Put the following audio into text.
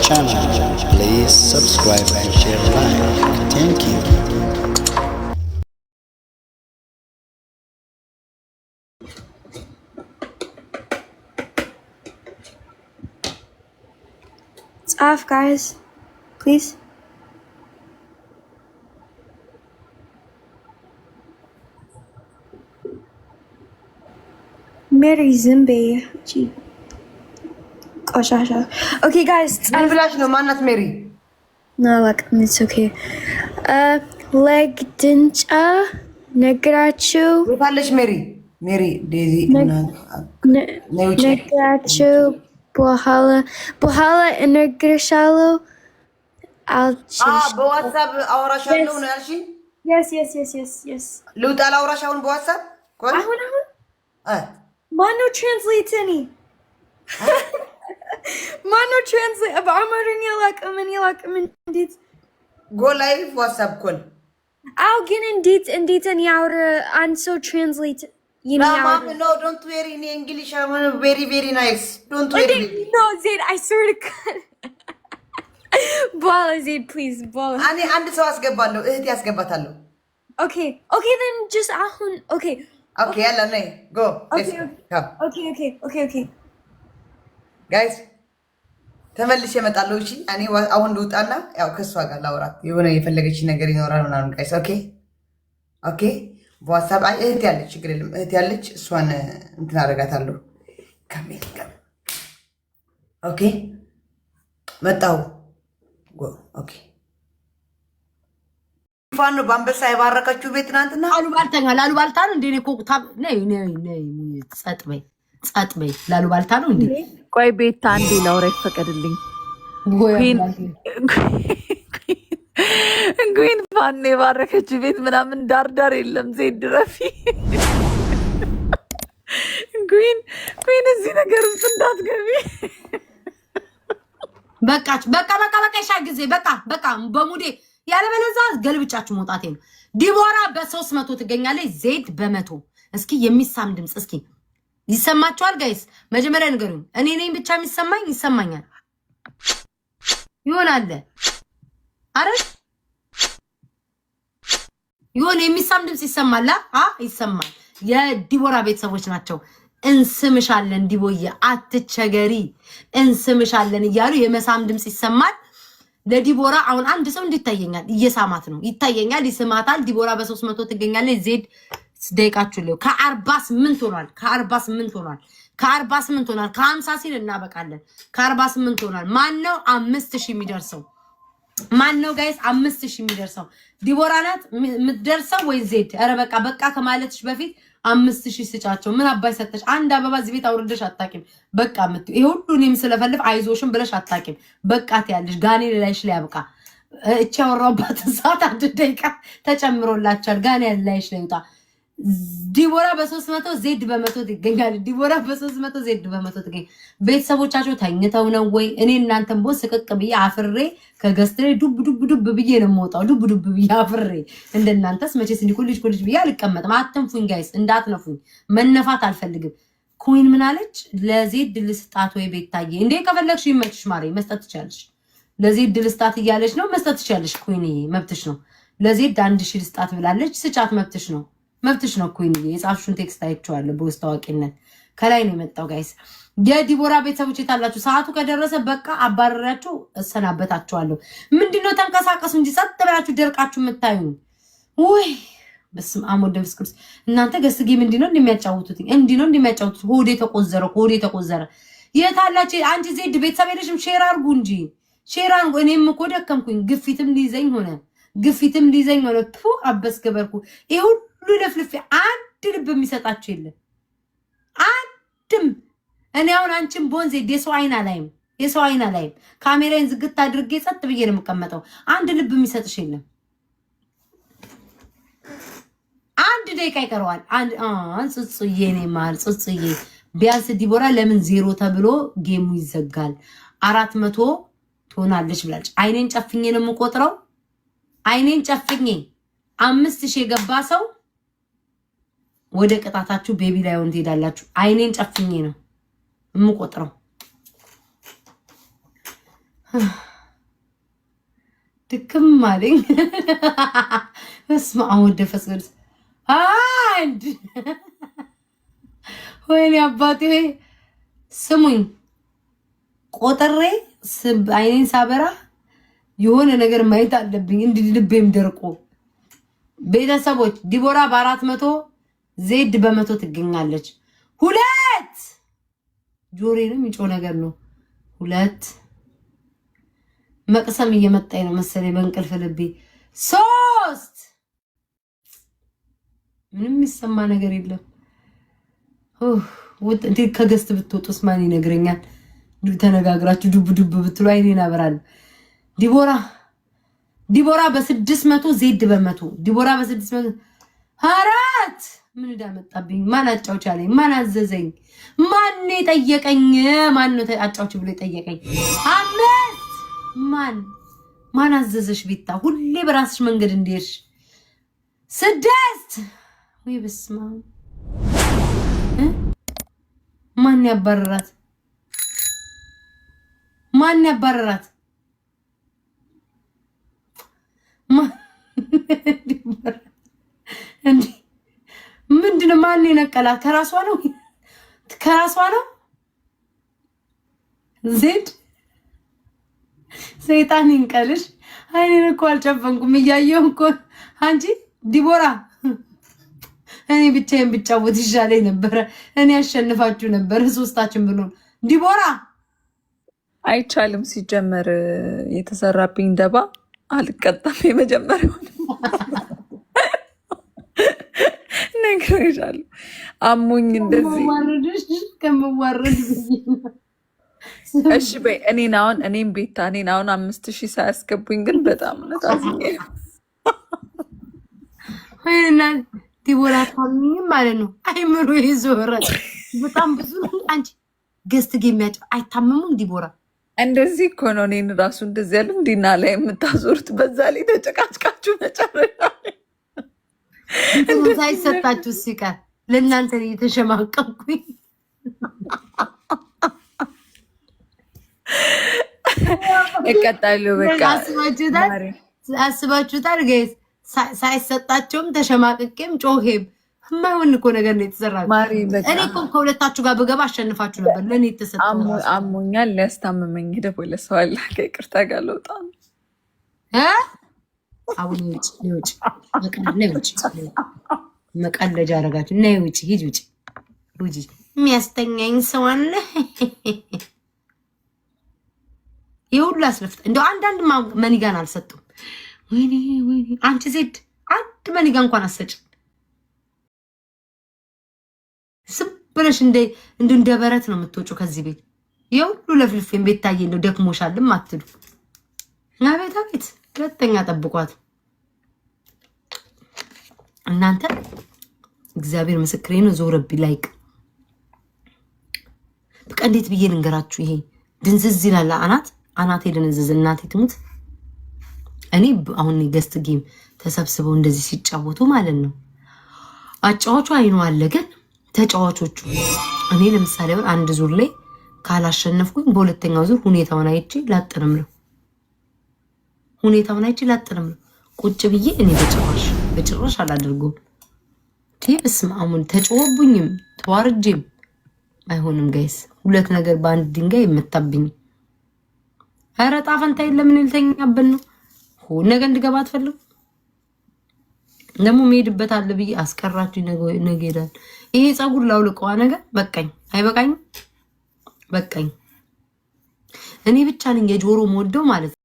channel. Please subscribe and share like. Thank you. It's off, guys. Please. Mary Zimbe. ቆሻሻ ኦኬ ጋይስ ምን ብላሽ ነው? ማናት ሜሪ አላውቅም። ኢትስ ኦኬ ሌግ ድንጫ ነግራችሁ ታለች ሜሪ ሜሪ ዴዚ ነግራችሁ በኋላ በኋላ እነግርሻለሁ አልችልሽ። በዋትሳፕ አወራሻለሁ ነው ያልሽኝ? ልውጣ ላውራሽ አሁን በዋትሳፕ አሁን አሁን ማነው ትራንስሌት እኔ ማነው ትራንስሌት በአማርኛ አላውቅም። እኔ አላውቅም። እንዴት ጎ ላይቭ ዋትስአፕ ኮል አው ግን እንዴት እንዴት እኔ አውር አንድ ሰው ትራንስሌት አንድ ሰው አስገባለሁ። እህቴ ያስገባታለሁ። ኦኬ ኦኬ ጀስት አሁን ኦኬ ኦኬ ያለ ጎ ጋይስ ተመልሼ እመጣለሁ። እሺ እኔ አሁን ልውጣና ያው ከእሷ ጋር ላውራት የሆነ የፈለገች ነገር ይኖራል ምናምን። ቃይስ ኦኬ ኦኬ። በዋትሳፕ አይ እህት ያለች ችግር የለም እህት ያለች እሷን እንትን አደርጋታለሁ። ከሜል ጋር ኦኬ መጣሁ። ኦኬ ፋኑ በአንበሳ የባረከችው ቤት ትናንትና ላሉባልተኛ ላሉባልታ ነው እንዴ? ጸጥ በይ ጸጥ በይ። ላሉባልታ ነው እንዴ? ቆይ ቤት አንዴ ላውራ ይፈቀድልኝ። እንግን ፋን የባረከች ቤት ምናምን ዳርዳር የለም። ዜድ ረፊ እንግን ኩን እዚህ ነገር ውስጥ እንዳትገቢ። በቃች። በቃ በቃ በቃ ይሻል ጊዜ በቃ በቃ በሙዴ ያለበለዛ ገልብጫችሁ መውጣቴ ነው። ዲቦራ በሶስት መቶ ትገኛለች። ዜድ በመቶ እስኪ የሚሳም ድምፅ እስኪ ይሰማችኋል ጋይስ? መጀመሪያ ንገሩኝ። እኔ ነኝ ብቻ የሚሰማኝ ይሰማኛል ይሆናል አረ ይሆን የሚሳም ድምፅ ይሰማላ? አ ይሰማል። የዲቦራ ቤተሰቦች ናቸው። እንስምሻለን ዲቦዬ፣ አትቸገሪ፣ እንስምሻለን እያሉ የመሳም ድምፅ ይሰማል። ለዲቦራ አሁን አንድ ሰው እንዲታየኛል፣ እየሳማት ነው ይታየኛል፣ ይስማታል። ዲቦራ በሶስት መቶ ትገኛለች። ዜድ ደቂቃችሁ ሊሆን ከአርባ ስምንት ሆኗል። ከአርባ ስምንት ሆኗል። ከአርባ ስምንት ሆኗል። ከሀምሳ ሲል እናበቃለን። ከአርባ ስምንት ሆኗል። ማን ነው አምስት ሺህ የሚደርሰው? ማን ነው ጋይስ አምስት ሺህ የሚደርሰው? ዲቦራ ናት የምትደርሰው ወይ ዜድ? ኧረ በቃ በቃ ከማለትሽ በፊት አምስት ሺህ ስጫቸው። ምን አባይ ሰጠሽ? አንድ አበባ እዚህ ቤት አውርደሽ አታቂም። በቃ ምት ይሄ ሁሉ እኔም ስለፈልፍ አይዞሽም ብለሽ አታቂም። በቃ ትያለሽ። ጋኔ ሌላይሽ ላይ ያብቃ። እቺ ያወራሁባትን ሰዓት አንድ ደቂቃ ተጨምሮላቸዋል። ጋኔ ላይሽ ላይ ይውጣ። ዲቦራ በሶስት መቶ ዜድ በመቶ ትገኛል። ዲቦራ በሶስት መቶ ዜድ በመቶ ትገኝ። ቤተሰቦቻቸው ተኝተው ነው ወይ? እኔ እናንተም ቦን ስቅቅ ብዬ አፍሬ ከገስትሬ ዱብ ዱብ ዱብ ብዬ ነው የምወጣው። ዱብ ዱብ ብዬ አፍሬ እንደናንተስ መቼስ እንዲህ ኩልጅ ኩልጅ ብዬ አልቀመጥም። አትንፉኝ ጋይስ፣ እንዳትነፉኝ። መነፋት አልፈልግም። ኩዊን ምናለች? ለዜድ ልስጣት ወይ ቤታዬ? እንዴ ከፈለግሽ ይመችሽ ማሬ፣ መስጠት ትችላለሽ። ለዜድ ልስጣት እያለች ነው፣ መስጠት ትችላለሽ። ኩዊን መብትሽ ነው። ለዜድ አንድ ሺ ልስጣት ብላለች፣ ስጫት፣ መብትሽ ነው። መብትሽ ነው ኮይን የጻፍሹን ቴክስት አይቼዋለሁ። በውስጥ አዋቂነት ከላይ ነው የመጣው። ጋይስ የዲቦራ ቤተሰቦች የታላችሁ? ሰዓቱ ከደረሰ በቃ አባረራችሁ፣ እሰናበታችኋለሁ። ምንድነው ተንቀሳቀሱ እንጂ ጸጥ ብላችሁ ደርቃችሁ የምታዩ ወይ በስመ አብ ወወልድ ወመንፈስ ቅዱስ። እናንተ ገስጌ ምንድን ነው እንደሚያጫውቱት እንዲህ ነው እንደሚያጫውቱት። ሆዴ ተቆዘረ፣ ሆዴ ተቆዘረ። የታላች አንቺ ዜድ ቤተሰብ ሄደሽም ሼር አርጉ እንጂ ሼር አርጉ። እኔም እኮ ደከምኩኝ፣ ግፊትም ሊይዘኝ ሆነ። ግፊትም ሊዘኝ ሆነ። ፑ አበስ ገበርኩ ይህ ሁሉ ለፍልፌ አንድ ልብ የሚሰጣቸው የለም አንድም። እኔ አሁን አንቺን ቦንዜ የሰው አይን አላይም፣ የሰው አይን አላይም። ካሜራዬን ዝግት አድርጌ ጸጥ ብዬ ነው የምቀመጠው። አንድ ልብ የሚሰጥሽ የለም። አንድ ደቂቃ ይቀረዋል። ጽጽዬ ኔ ማል ጽጽዬ ቢያንስ ዲቦራ ለምን ዜሮ ተብሎ ጌሙ ይዘጋል? አራት መቶ ትሆናለች ብላለች። አይኔን ጨፍኜ ነው የምቆጥረው አይኔን ጨፍኜ አምስት ሺህ የገባ ሰው ወደ ቅጣታችሁ ቤቢ ላይሆን ትሄዳላችሁ። አይኔን ጨፍኜ ነው የምቆጥረው። ድክም አለኝ። በስመ አብ ወወልድ ወመንፈስ ቅዱስ አንድ። ወይኔ አባቴ ስሙኝ፣ ቆጥሬ አይኔን ሳበራ የሆነ ነገር ማየት አለብኝ። እንዲህ ልቤም ደርቆ ቤተሰቦች ዲቦራ በአራት መቶ ዜድ በመቶ ትገኛለች። ሁለት ጆሬንም ይጮ ነገር ነው። ሁለት መቅሰም እየመጣኝ ነው መሰለኝ በእንቅልፍ ልቤ። ሶስት ምንም የሚሰማ ነገር የለም። ከገስት ብትወጡስ ማን ይነግረኛል? ተነጋግራችሁ ዱብ ዱብ ብትሉ አይኔ ናበራለሁ። ዲቦራ ዲቦራ በስድስት መቶ ዜድ በመቶ ዲቦራ በስድስት መቶ አራት ምን እንዳመጣብኝ ማን አጫውች አለኝ? ማን አዘዘኝ? ማን የጠየቀኝ? ማን ነው አጫውች ብሎ የጠየቀኝ? አምስት ማን ማን አዘዘሽ? ቤታ ሁሌ በራስሽ መንገድ እንዲሄድሽ። ስድስት ወይ በስማ ማን ያባረራት? ማን ያባረራት? ምንድነው? ማን የነቀላት? ከራሷ ነው ከራሷ ነው። ዜድ ሰይጣን ይንቀልሽ። አይኔን እኮ አልጨፈንኩም እያየሁ እኮ አንቺ ዲቦራ እኔ ብቻዬን ብጫወት ይሻለኝ ነበረ። እኔ አሸንፋችሁ ነበረ ሶስታችን ብንሆን። ዲቦራ አይቻልም ሲጀመር የተሰራብኝ ደባ አልቀጣም። የመጀመሪያውን ነግሬሻለሁ። አሞኝ እንደዚህ እሺ በይ። እኔን አሁን እኔም ቤታ እኔን አሁን አምስት ሺህ ሳያስገቡኝ ግን በጣም እውነት አዝኝና ዲቦራታኝም ማለት ነው። አይምሮ ይዞረ በጣም ብዙ አንቺ ገስት ጌሚያጭ አይታመሙም ዲቦራ እንደዚህ እኮ ነው። እኔን ራሱ እንደዚህ ያለ እንዲና ላይ የምታዞሩት በዛ ላይ ተጨቃጭቃችሁ መጨረሻ ሳይሰጣችሁ ሲቀር ለእናንተ የተሸማቀኩኝ እቀጣለሁ። በቃ አስባችሁታል ጋይስ፣ ሳይሰጣቸውም ተሸማቅቄም ጮሄም የማይሆን እኮ ነገር ነው የተሰራ። እኔ እኮ ከሁለታችሁ ጋር ብገባ አሸንፋችሁ ነበር። ለእኔ የተሰጠ አሞኛል። ሊያስታምመኝ ሄደ ወለ ሰው አለ። ይቅርታ ጋር ለውጣ አሁን ውጭ ውጭ ውጭ መቀለጃ አረጋችሁ እና ውጭ ሂጅ ውጭ ውጭ። የሚያስተኛኝ ሰው አለ። የሁሉ አስለፍታ እንደ አንዳንድ መኒጋን አልሰጡም። ወይኔ ወይኔ፣ አንቺ ዜድ አንድ መኒጋ እንኳን አሰጭም ስም ብለሽ እንደ እንደ በረት ነው የምትወጪው ከዚህ ቤት። የሁሉ ሁሉ ቤት ታየ እንደው ደክሞሻልም አትሉ እና ቤት አቤት ሁለተኛ ጠብቋት እናንተ። እግዚአብሔር ምስክሬን ዞረብኝ። ላይቅ በቃ እንዴት ብዬ ልንገራችሁ? ይሄ ድንዝዝ ይላል አናት አናቴ ድንዝዝ። እናቴ ትሙት እኔ አሁን ገስት ጌም ተሰብስበው እንደዚህ ሲጫወቱ ማለት ነው አጫዋቹ አይኑ አለ ግን ተጫዋቾቹ እኔ ለምሳሌ አሁን አንድ ዙር ላይ ካላሸነፍኩኝ በሁለተኛው ዙር ሁኔታውን አይቼ ላጥርም ነው። ሁኔታውን አይቼ ላጥርም ነው። ቁጭ ብዬ እኔ በጭራሽ በጭራሽ አላደርገውም። ቴብስም አሁን ተጫወቡኝም ተዋርጄም አይሆንም። ጋይስ ሁለት ነገር በአንድ ድንጋይ የምታብኝ ኧረ ጣፈንታ የለም። እኔ ልተኛበት ነው። ነገ እንድገባ አትፈልጉ ደግሞ መሄድበት አለ ብዬ አስቀራችሁ ነገ ሄዳል። ይሄ ፀጉር ላውልቀዋ ነገር በቃኝ፣ አይበቃኝም፣ በቃኝ። እኔ ብቻ ነኝ የጆሮ መወደው ማለት ነው።